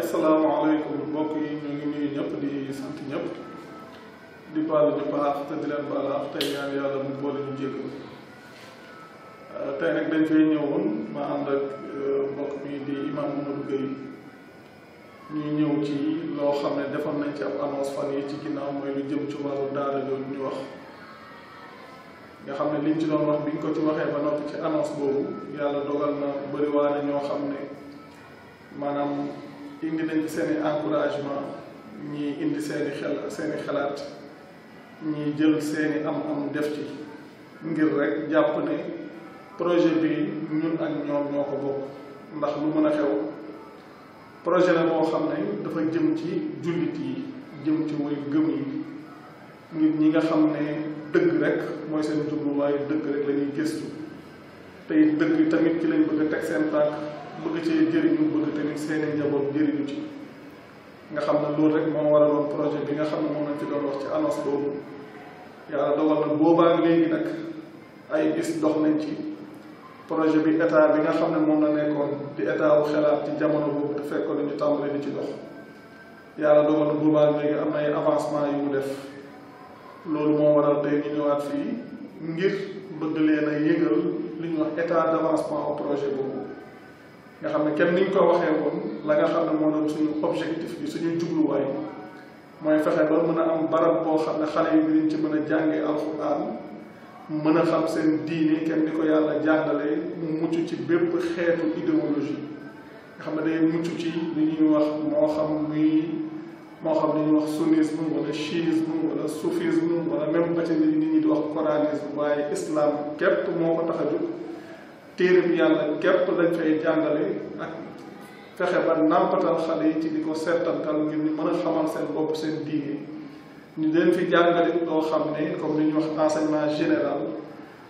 asalaamaaleykum mbokk yi ñu ngi nuyu ñëpp di sant ñëpp di baal ñu baax te di leen baal ak tey ñaan yàlla mu boole ñu jéggal euh, tey nag dañ fay ñëwoon ma ànd ak euh, mbokk mi di imam Mamadou Gueye ñu ñëw ci loo xam ne defoon nañ ci ab annonce fan yi ci ginnaaw mooy lu jëm ci wàllu daara ñu wax nga xam ne liñ ci doon wax biñ ko ci waxee ba noppi ci annonce boobu yàlla dogal na bëri ñoo xam ne maanaam indi nañ ci seen i encouragement ñii indi seen xel seen xalaat ñii jël seen i am-am def ci ngir rek jàpp ne projet bi ñun ak ñoom ñoo ko bokk ndax lu mën a xew projet la boo xam ne dafa jëm ci jullit yi jëm ci way gëm yi nit ñi nga xam ne dëgg rek mooy seen jubluwaay dëgg rek la ñuy gëstu te dëgg tamit ci lañ bëgg a teg seen tànk bëgg cee jëriñu bëgg tamit seeni njaboot jëriñu ci nga xam ne loolu rek moo waraloon projet bi xam moom lañ ci doon ci annonce boobu yàlla dogal na boobaa léegi nag dox nañ ci projet bi état bi nga xam ne moom la nekkoon di état wu xelaat ci jamono boobu te fekkoon nañu tàmbali di ci dox yàlla dogal na boobaa léegi am na ay avancement yu mu def loolu moo waral tey ñu ñëwaat fii ngir bëgg leen a yëgal li ñuy wax d'avancement au projet boobu nga xam ne kenn niñ ko waxee woon la nga xam ne moo doon suñu objectif bi suñu jubluwaay mooy fexe ba mën a am barab boo xam ne xale yi dinañ ci mën a jàngee alxuraan a di ko yàlla jàngalee mu mucc ci bépp xeetu idéologie nga xam ne day mucc ci li ñuy wax moo xam muy moo xam li ñuy wax sunnisme wala chiisme wala soufisme wala même ba ci nit di wax coranisme waaye islam képp moo ko tax a jóg téere bi yàlla képp lañ fay jàngale ak fexe ba nàmpatal xale yi ci li ko seetantal ngir ñu mën a xamal seen bopp seen diine ñu leen fi jàngale loo xam ne comme li ñuy wax enseignement général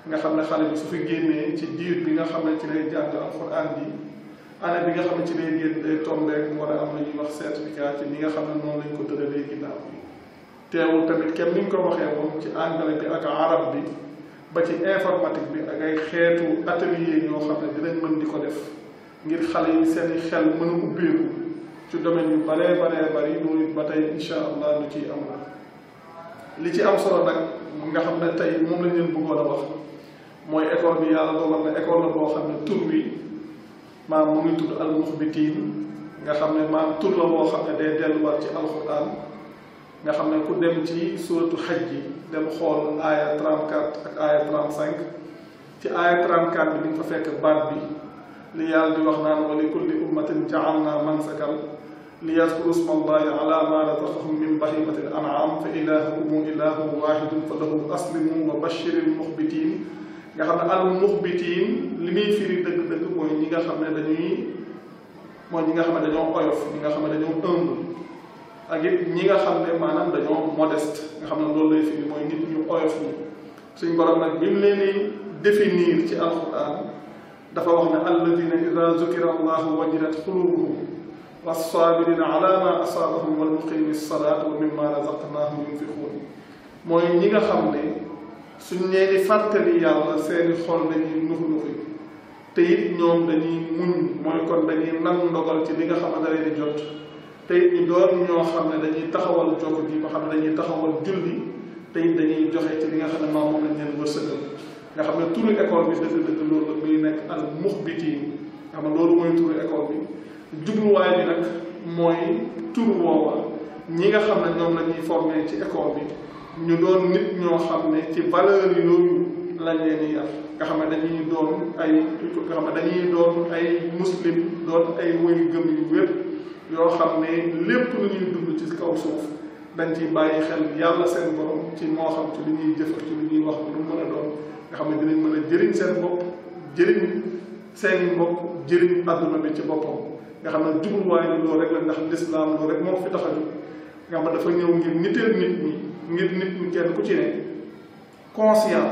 nga xam ne xale bi su fi génnee ci diir bi nga xam ne ci lay jàng alxuraan bi année bi nga xam ne ci lay génn day tombé mu war am lu ñuy wax certificat ci ni nga xam ne noonu lañ ko tëralee ginnaaw bi teewul tamit kenn ni ñu ko waxee moom ci anglais bi ak arab bi ba ci informatique bi ak ay xeetu atelier yoo xam ne dinañ mën di ko def ngir xale yi seen xel mën a ubbeeku ci domaine yu baree baree bari loolu it ba tey incha allah am li ci am solo nag nga xam ne tey moom lañ leen a mooy école bi na école la boo xam ne tur wi maam mu ngi tudd almuxbitiin nga xam ne maam tur la boo xam ne day delluwaat ci alxuraan nga xam ne ku dem ci suratu xaj ji dem xool aaya 34 ak aaya 35 ci aaya 34 bi di nga fa fekk baat bi li yàlla di wax naan wa li kulli ummatin jaalna mansakan li yaskuru sma allahi ala ma razaqahum min bahimati al anam fa ilahukum ilahun wahidun fa lahu aslimu wa bashir al muxbitin nga xam ne al muxbitin li muy firi dëgg-dëgg mooy ñi nga xam ne dañuy mooy ñi nga xam ne dañoo oyof ñi nga xam ne dañoo ëmb ak it ñi nga xam ne maanaam dañoo modeste nga xam ne loolu lay firi mooy nit ñu oyof ñi suñ borom nag bi mu leen di définir ci alquran dafa wax ne alladina ida zukira allahu wajilat qulubuhum wassaabirina ala ma asaabahum wal muqimi salaat wa mimma razaqnahum yunfiquun mooy ñi nga xam ne suñ leen di fàttali yàlla seeni xol dañuy nux nuxi te it ñoom dañuy muñ mooy kon dañuy nangu ndogal ci li nga xamante ne di jot te it ñu doon ñoo xam ne dañuy taxawal jokk bi nga xam ne dañuy taxawal julli te it dañuy joxe ci li nga xam ne maam moom lañ leen wërsëgal nga xam ne turu école bi dëgg-dëgg loolu muy nekk al muxbitiin nga loolu mooy turu école bi jubluwaay bi nag mooy tur woowa ñi nga xam ne ñoom la ñuy ci école bi ñu doon nit ñoo xam ne ci valeur yooyu lañ leen di yar nga xam ne dañuy doon ay nga xam ne dañuy doon ay muslim doon ay woy gëm yu wér yoo xam ne lépp lu ñuy dund ci kaw suuf dañ ci bàyyi xel yàlla seen borom ci moo xam ci li ñuy jëf ci li ñuy wax lu mu a doon nga xam ne dinañ mën a jëriñ seen bopp jëriñ seen bopp jëriñ adduna bi ci boppam xam ne jubluwaay bi loolu rek la ndax lislaam loolu rek moo fi tax a jóg nga xam ne dafa ñëw ngir niteel nit ñi ngir nit ñi kenn ku ci ne conscient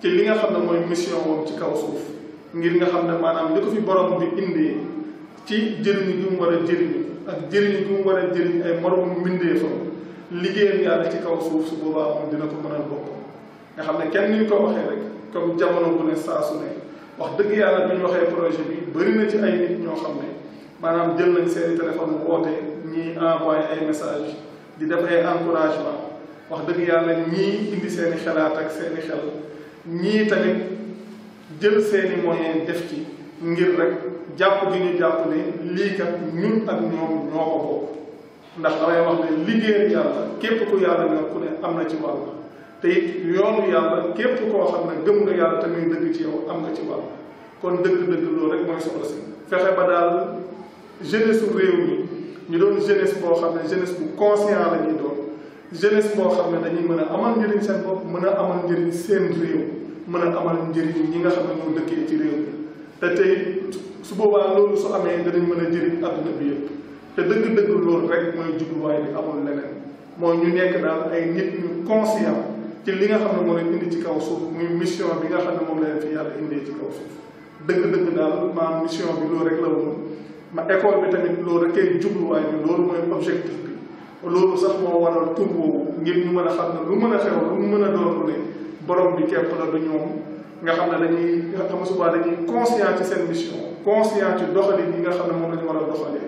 ci li nga xam ne mooy mission woon ci kaw suuf ngir nga xam ne maanaam li ko fi borom bi indi ci jëriñ gi mu jëriñ ak jëriñ bu mu war a jëriñ ay moromu mbindeefam liggéeyam yàlla ci kaw suuf su boobaa moom dina ko mënal boppam nga xam ne kenn ni ñu ko waxee rek comme jamono bu ne saa su ne wax dëgg yàlla bi waxee projet bi bëri na ci ay ñoo xam ne maanaam jël nañ seeni téléphone woote ñii envoyé ay message di def ay encouragement wax dëgg yàlla ñii indi seeni xalaat ak seeni xel ñii tamit jël seeni moyen def ci ngir rek jàpp gi ñu jàpp ne lii kat ñun ak ñoom ñoo ko bokk ndax damay wax ne liggéeyal yàlla képp ku yàlla ku ne am na ci wàll te it yoonu yàlla képp koo xam ne gëm nga yàlla te muy dëgg ci yow am nga ci wàll kon dëgg-dëgg loolu rek mooy soxla si fexe ba daal jeunesse réew mi ñu doon jeunesse boo xam ne jeunesse bu conscient la doon jeunesse boo xam ne dañuy mën a amal njëriñ seen bopp mën a amal njëriñ seen réew mën a amal njëriñ ñi nga xam ne ñoo dëkkee ci réew mi te tey su boobaa loolu su amee danañ mën a jëriñ adduna bi yëpp te dëgg-dëgg loolu rek mooy jubluwaay bi amul leneen mooy ñu nekk daal ay nit ñu conscient ci li nga xam ne moo leen indi ci kaw suuf muy mission bi nga xam ne moom la leen fi yàlla indee ci kaw suuf dëgg-dëgg daal ma mission bi loolu rek la woon ma école bi tamit loolu rek ay jubluwaay objectif bi loolu sax moo waral tur boobu ngir ñu mën a xam ne lu mën a xew lu mën a doon lu ne borom bi képp la ñoom nga xam ne dañuy xam subaa dañuy conscient ci seen mission conscient ci doxalin yi nga xam ne moom la ñu war a doxalee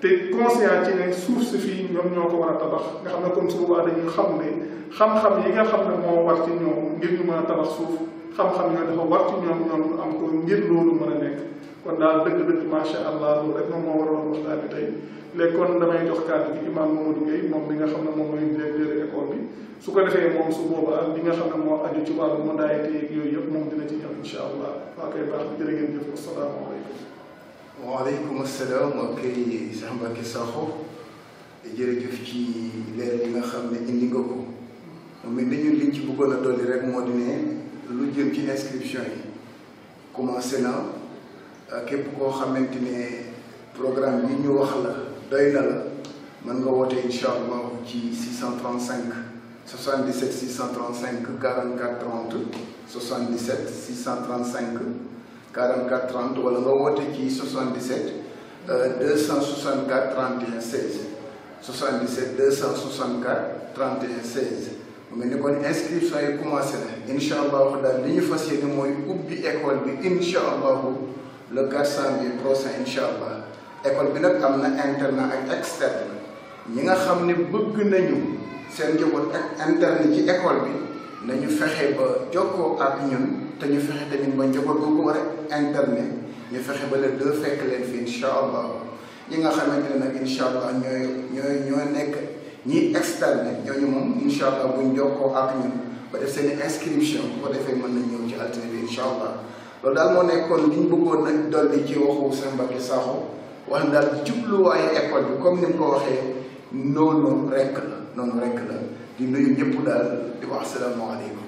te conscient ci ne suuf si fii ñoom ñoo ko war a tabax nga xam ne comme subaa dañuy xam ne xam-xam yi nga xam ne moo war ci ñoom ngir ñu mën a tabax suuf xam-xam ne dafa war ci ñoom ñoom ñu am ko ngir loolu mën a nekk kon daal dëgg-dëgg macha allah loolu rek moom bi tey léegi moom mi ne moom mooy directeur école bi ko li nga xam ne moo aju ci wàllu modalité yeeg yooyu yëpp moom dina ci ñu liñ ci bëggoon a dolli rek moo di ne. lu jëm ci inscription yi commencé na képp koo xamante ne programme bi ñu wax la doy na la mën nga ci 635 77 635 44 30 77 635 44 30 wala nga woote ci 77 264 31 16 77 264 31 16. mu ni kon inscription yi commencé na incha allahu daal li ñu fas yéene mooy ubbi école bi incha allahu le 4 janvier prochain école bi nag am na internat ak externe ñi nga xam ni bëgg nañu seen njaboot ak interne ci école bi nañu fexe ba jokkoo ak ñun te ñu fexe tamit ba njaboot boobu war a internet ñu fexe ba le deux fekk leen fi incha ñi nga xamante ne nag incha allah ñooy ñooy nekk. ñiy externe ñooñu moom incha allah buñ jokkoo ak ñun ba def seen inscription bu ko defee mën nañ ñëw ci altine bi allah loolu daal moo nekkoon liñ bëggoon nag dolli ci waxu Sëñ Mbacké Sakho wax na daal jubluwaayu école bi comme ni mu ko waxee noonu rekk la noonu rekk la di nuyu ñëpp daal di wax asalaamaaleykum